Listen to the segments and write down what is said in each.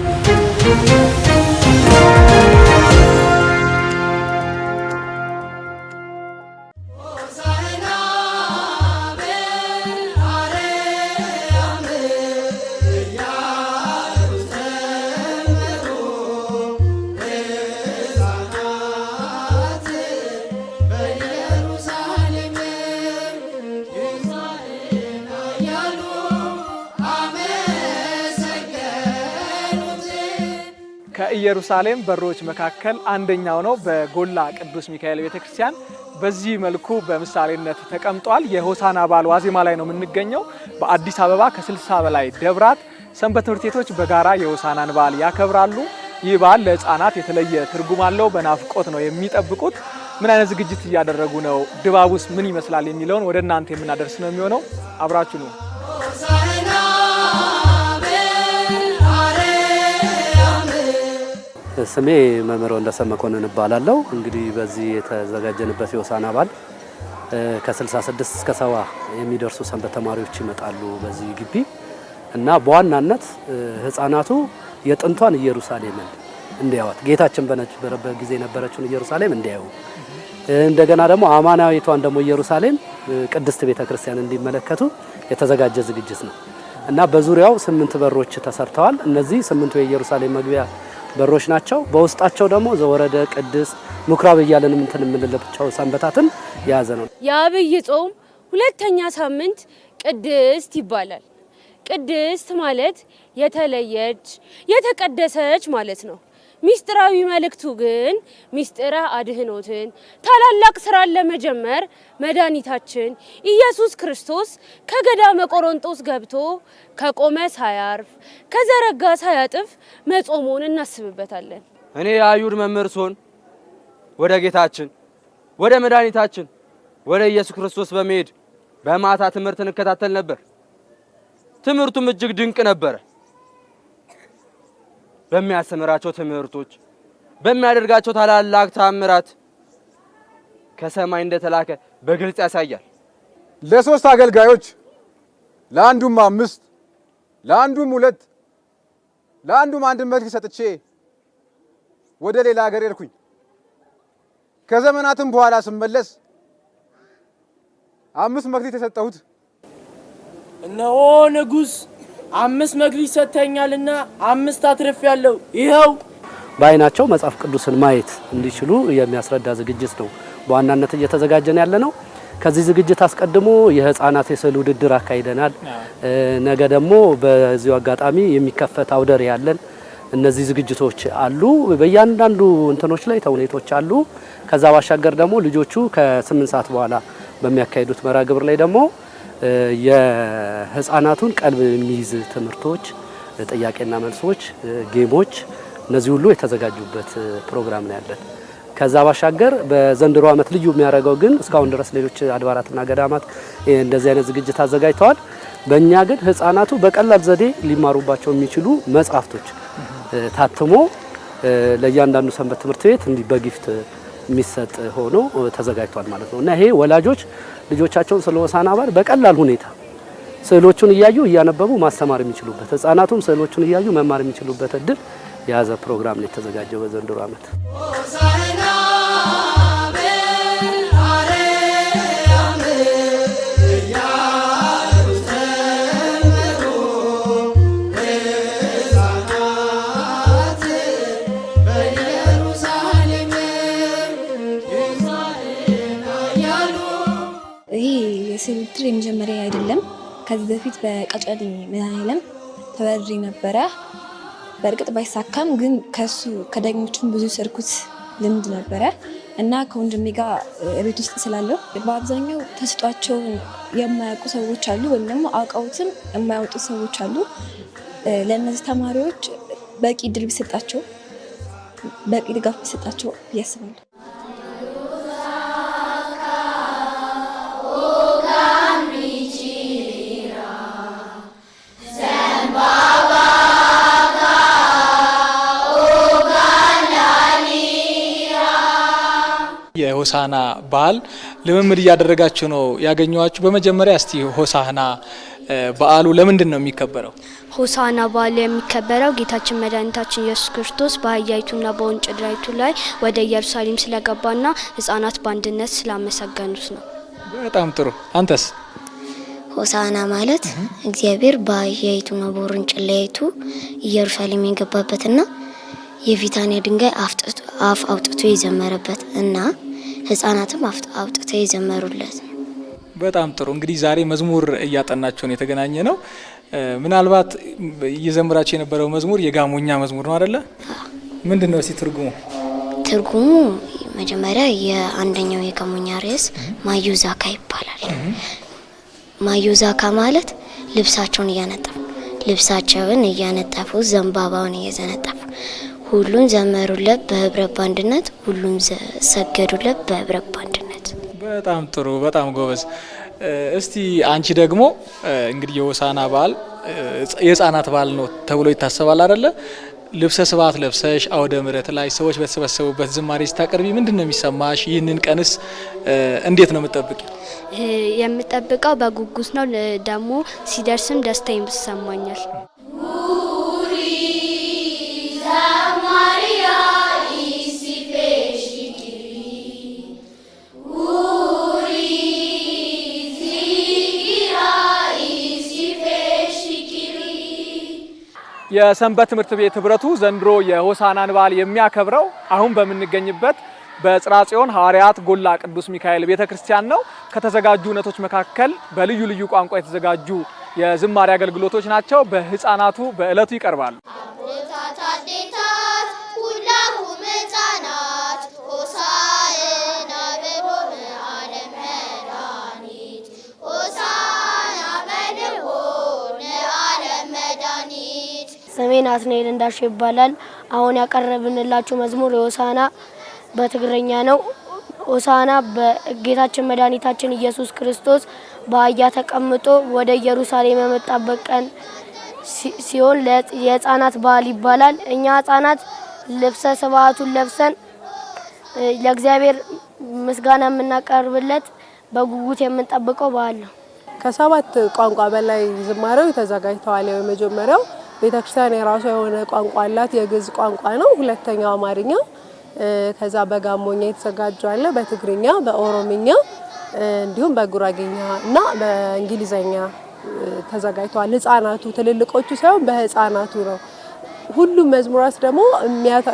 Música ከኢየሩሳሌም በሮች መካከል አንደኛው ነው። በጎላ ቅዱስ ሚካኤል ቤተክርስቲያን በዚህ መልኩ በምሳሌነት ተቀምጧል። የሆሳና በዓል ዋዜማ ላይ ነው የምንገኘው። በአዲስ አበባ ከ60 በላይ ደብራት፣ ሰንበት ትምህርት ቤቶች በጋራ የሆሳናን በዓል ያከብራሉ። ይህ በዓል ለሕፃናት የተለየ ትርጉም አለው። በናፍቆት ነው የሚጠብቁት። ምን አይነት ዝግጅት እያደረጉ ነው? ድባቡስ ምን ይመስላል? የሚለውን ወደ እናንተ የምናደርስ ነው የሚሆነው። አብራችሁ ነው ስሜ መምህር ወንደሰን መኮንን እባላለሁ። እንግዲህ በዚህ የተዘጋጀንበት የሆሳዕና በዓል ከ66 እስከ ሰባ የሚደርሱ ሰንበት ተማሪዎች ይመጣሉ በዚህ ግቢ እና በዋናነት ህፃናቱ የጥንቷን ኢየሩሳሌምን እንዲያዋት ጌታችን በነበረበት ጊዜ የነበረችውን ኢየሩሳሌም እንዲያዩ እንደገና ደግሞ አማናዊቷን ደግሞ ኢየሩሳሌም ቅድስት ቤተ ክርስቲያን እንዲመለከቱ የተዘጋጀ ዝግጅት ነው እና በዙሪያው ስምንት በሮች ተሰርተዋል። እነዚህ ስምንቱ የኢየሩሳሌም መግቢያ በሮች ናቸው። በውስጣቸው ደግሞ ዘወረደ፣ ቅድስት፣ ምኩራብ እያለን እንትን የምንለብቻው ሰንበታትን የያዘ ነው። የአብይ ጾም ሁለተኛ ሳምንት ቅድስት ይባላል። ቅድስት ማለት የተለየች የተቀደሰች ማለት ነው። ሚስጥራዊ መልእክቱ ግን ሚስጥረ አድህኖትን ታላላቅ ስራን ለመጀመር መድኃኒታችን ኢየሱስ ክርስቶስ ከገዳመ ቆሮንጦስ ገብቶ ከቆመ ሳያርፍ ከዘረጋ ሳያጥፍ መጾሙን እናስብበታለን። እኔ የአይሁድ መምህር ስሆን ወደ ጌታችን ወደ መድኃኒታችን ወደ ኢየሱስ ክርስቶስ በመሄድ በማታ ትምህርት እንከታተል ነበር። ትምህርቱም እጅግ ድንቅ ነበረ። በሚያስተምራቸው ትምህርቶች፣ በሚያደርጋቸው ታላላቅ ታምራት ከሰማይ እንደተላከ በግልጽ ያሳያል። ለሶስት አገልጋዮች ለአንዱም አምስት ለአንዱም ሁለት ለአንዱም አንድ መልክ ሰጥቼ ወደ ሌላ ሀገር ሄድኩኝ። ከዘመናትም በኋላ ስመለስ አምስት መክሊት የሰጠሁት እነሆ ንጉሥ አምስት መግቢት ሰጥተኛልና አምስት አትርፍ ያለው ይኸው። በአይናቸው መጽሐፍ ቅዱስን ማየት እንዲችሉ የሚያስረዳ ዝግጅት ነው በዋናነት እየተዘጋጀን ያለ ነው። ከዚህ ዝግጅት አስቀድሞ የህፃናት የስዕል ውድድር አካሂደናል። ነገ ደግሞ በዚሁ አጋጣሚ የሚከፈት አውደር ያለን እነዚህ ዝግጅቶች አሉ። በእያንዳንዱ እንትኖች ላይ ተውኔቶች አሉ። ከዛ ባሻገር ደግሞ ልጆቹ ከስምንት ሰዓት በኋላ በሚያካሂዱት መርሃ ግብር ላይ ደግሞ የህፃናቱን ቀልብ የሚይዝ ትምህርቶች፣ ጥያቄና መልሶች፣ ጌሞች እነዚህ ሁሉ የተዘጋጁበት ፕሮግራም ነው ያለን። ከዛ ባሻገር በዘንድሮ ዓመት ልዩ የሚያደርገው ግን እስካሁን ድረስ ሌሎች አድባራትና ገዳማት እንደዚህ አይነት ዝግጅት አዘጋጅተዋል። በእኛ ግን ህፃናቱ በቀላል ዘዴ ሊማሩባቸው የሚችሉ መጽሐፍቶች ታትሞ ለእያንዳንዱ ሰንበት ትምህርት ቤት እንዲህ በጊፍት የሚሰጥ ሆኖ ተዘጋጅቷል ማለት ነው እና ይሄ ወላጆች ልጆቻቸውን ስለ ሆሳዕና በዓል በቀላል ሁኔታ ስዕሎቹን እያዩ እያነበቡ ማስተማር የሚችሉበት ህጻናቱም ስዕሎቹን እያዩ መማር የሚችሉበት እድል የያዘ ፕሮግራም ነው የተዘጋጀው በዘንድሮ ዓመት። ተበድሬ የመጀመሪያ አይደለም፣ ከዚህ በፊት በቀጨሌ መድኃኔዓለም ተበድሬ ነበረ። በእርግጥ ባይሳካም ግን ከሱ ከዳኞቹም ብዙ ሰርኩት ልምድ ነበረ እና ከወንድሜ ጋር ቤት ውስጥ ስላለው በአብዛኛው ተስጧቸውን የማያውቁ ሰዎች አሉ፣ ወይም ደግሞ አውቀውትም የማያወጡ ሰዎች አሉ። ለእነዚህ ተማሪዎች በቂ ድል ቢሰጣቸው፣ በቂ ድጋፍ ቢሰጣቸው ያስባሉ። የሆሳና በዓል ልምምድ እያደረጋችሁ ነው ያገኘዋችሁ። በመጀመሪያ እስቲ ሆሳና በዓሉ ለምንድን ነው የሚከበረው? ሆሳና በዓሉ የሚከበረው ጌታችን መድኃኒታችን ኢየሱስ ክርስቶስ በአህያይቱና በውርንጭላይቱ ላይ ወደ ኢየሩሳሌም ስለገባና ሕጻናት በአንድነት ስላመሰገኑት ነው። በጣም ጥሩ። አንተስ? ሆሳና ማለት እግዚአብሔር በአህያይቱና በውርንጭላይቱ ኢየሩሳሌም የገባበትና የቢታንያ ድንጋይ አፍ አውጥቶ የዘመረበት እና ህጻናትም አውጥተው የዘመሩለት። በጣም ጥሩ እንግዲህ ዛሬ መዝሙር እያጠናቸውን የተገናኘ ነው። ምናልባት እየዘምራቸው የነበረው መዝሙር የጋሞኛ መዝሙር ነው አደለ? ምንድን ነው እስኪ ትርጉሙ? ትርጉሙ መጀመሪያ የአንደኛው የጋሞኛ ርዕስ ማዩዛካ ይባላል። ማዩዛካ ማለት ልብሳቸውን እያነጠፉ ልብሳቸውን እያነጠፉ ዘንባባውን እየዘነጠፉ ሁሉም ዘመሩለት በህብረ ባንድነት፣ ሁሉም ሰገዱለት በህብረ ባንድነት። በጣም ጥሩ፣ በጣም ጎበዝ። እስቲ አንቺ ደግሞ እንግዲህ የሆሳዕና በዓል የህፃናት በዓል ነው ተብሎ ይታሰባል አይደለ? ልብሰ ስብሐት ለብሰሽ አውደ ምረት ላይ ሰዎች በተሰበሰቡበት ዝማሬ ስታቀርቢ ምንድን ነው የሚሰማሽ? ይህንን ቀንስ እንዴት ነው የምጠብቅ? የምጠብቀው በጉጉት ነው። ደግሞ ሲደርስም ደስታ ይሰማኛል። የሰንበት ትምህርት ቤት ህብረቱ ዘንድሮ የሆሳናን በዓል የሚያከብረው አሁን በምንገኝበት በጽርሐ ጽዮን ሐዋርያት ጎላ ቅዱስ ሚካኤል ቤተ ክርስቲያን ነው። ከተዘጋጁ እውነቶች መካከል በልዩ ልዩ ቋንቋ የተዘጋጁ የዝማሬ አገልግሎቶች ናቸው። በህፃናቱ በእለቱ ይቀርባሉ። ስሜ ናትናኤል እንዳሸው ይባላል። አሁን ያቀረብንላችሁ መዝሙር የሆሳና በትግረኛ ነው። ሆሳና በጌታችን መድኃኒታችን ኢየሱስ ክርስቶስ በአህያ ተቀምጦ ወደ ኢየሩሳሌም የመጣበት ቀን ሲሆን የህፃናት በዓል ይባላል። እኛ ህፃናት ልብሰ ስብዓቱን ለብሰን ለእግዚአብሔር ምስጋና የምናቀርብለት በጉጉት የምንጠብቀው በዓል ነው። ከሰባት ቋንቋ በላይ ዝማሬው ተዘጋጅተዋል። የመጀመሪያው ቤተክርስቲያን የራሷ የሆነ ቋንቋ አላት። የግዕዝ ቋንቋ ነው። ሁለተኛው አማርኛ፣ ከዛ በጋሞኛ የተዘጋጁ አለ፣ በትግርኛ፣ በኦሮምኛ እንዲሁም በጉራጌኛ እና በእንግሊዘኛ ተዘጋጅተዋል። ህጻናቱ ትልልቆቹ ሳይሆን በህጻናቱ ነው። ሁሉም መዝሙራት ደግሞ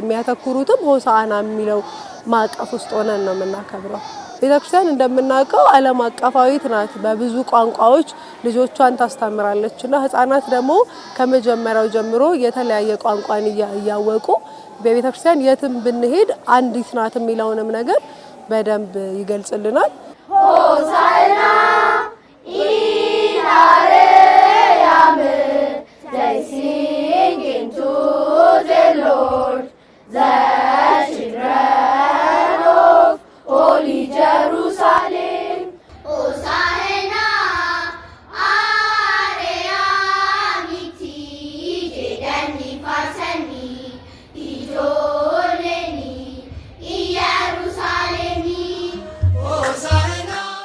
የሚያተኩሩትም ሆሳዕና የሚለው ማዕቀፍ ውስጥ ሆነን ነው የምናከብረው። ቤተክርስቲያን እንደምናውቀው ዓለም አቀፋዊት ናት። በብዙ ቋንቋዎች ልጆቿን ታስተምራለች እና ህጻናት ደግሞ ከመጀመሪያው ጀምሮ የተለያየ ቋንቋን እያወቁ በቤተክርስቲያን የትም ብንሄድ አንዲት ናት የሚለውንም ነገር በደንብ ይገልጽልናል። ሆሳዕና ኢናርያም ዘይሲንግ ኢንቱ ዘ ሎርድ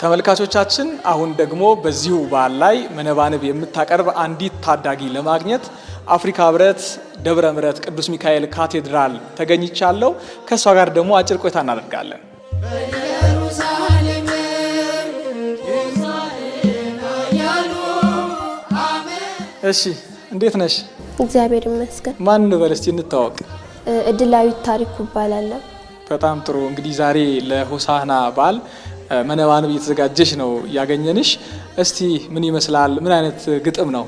ተመልካቾቻችን አሁን ደግሞ በዚሁ በዓል ላይ መነባንብ የምታቀርብ አንዲት ታዳጊ ለማግኘት አፍሪካ ህብረት ደብረ ምሕረት ቅዱስ ሚካኤል ካቴድራል ተገኝቻለሁ። ከእሷ ጋር ደግሞ አጭር ቆይታ እናደርጋለን። እሺ፣ እንዴት ነሽ? እግዚአብሔር ይመስገን። ማን እንበል እስቲ እንታወቅ። እድላዊት ታሪኩ እባላለሁ። በጣም ጥሩ። እንግዲህ ዛሬ ለሆሳህና በዓል መነባንብ እየተዘጋጀሽ ነው ያገኘንሽ። እስቲ ምን ይመስላል? ምን አይነት ግጥም ነው?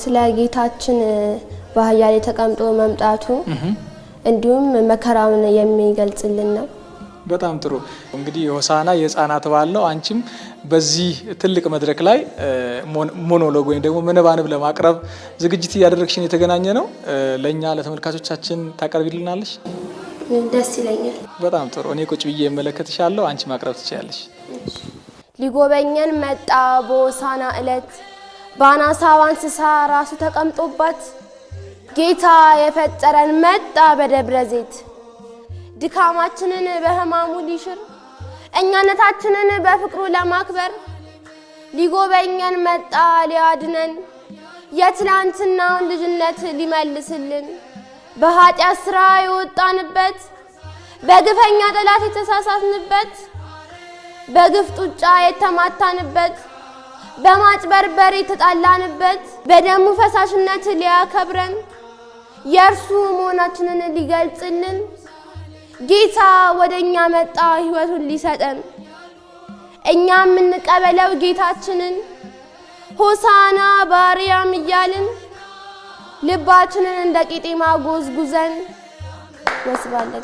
ስለ ጌታችን በአህያ ላይ ተቀምጦ መምጣቱ እንዲሁም መከራውን የሚገልጽልን ነው። በጣም ጥሩ እንግዲህ ሆሳና የህፃናት በዓል አንቺም በዚህ ትልቅ መድረክ ላይ ሞኖሎግ ወይም ደግሞ መነባንብ ለማቅረብ ዝግጅት እያደረግሽን የተገናኘ ነው። ለእኛ ለተመልካቾቻችን ታቀርቢልናለሽ? ደስ ይለኛል። በጣም ጥሩ። እኔ ቁጭ ብዬ እመለከትሻለሁ፣ አንቺ ማቅረብ ትችላለሽ። ሊጎበኘን መጣ በሆሳዕና ዕለት በአናሳዋ እንስሳ ራሱ ተቀምጦባት ጌታ የፈጠረን መጣ በደብረ ዘይት ድካማችንን በሕማሙ ሊሽር እኛነታችንን በፍቅሩ ለማክበር ሊጎበኘን መጣ ሊያድነን የትላንትናውን ልጅነት ሊመልስልን በኃጢአት ስራ የወጣንበት፣ በግፈኛ ጠላት የተሳሳትንበት፣ በግፍ ጡጫ የተማታንበት፣ በማጭበርበር የተጣላንበት፣ በደሙ ፈሳሽነት ሊያከብረን የእርሱ መሆናችንን ሊገልጽልን ጌታ ወደ እኛ መጣ ሕይወቱን ሊሰጠን። እኛም የምንቀበለው ጌታችንን ሆሳና በአርያም እያልን ልባችንን እንደ ቂጤማ ጎዝጉዘን ወስባለ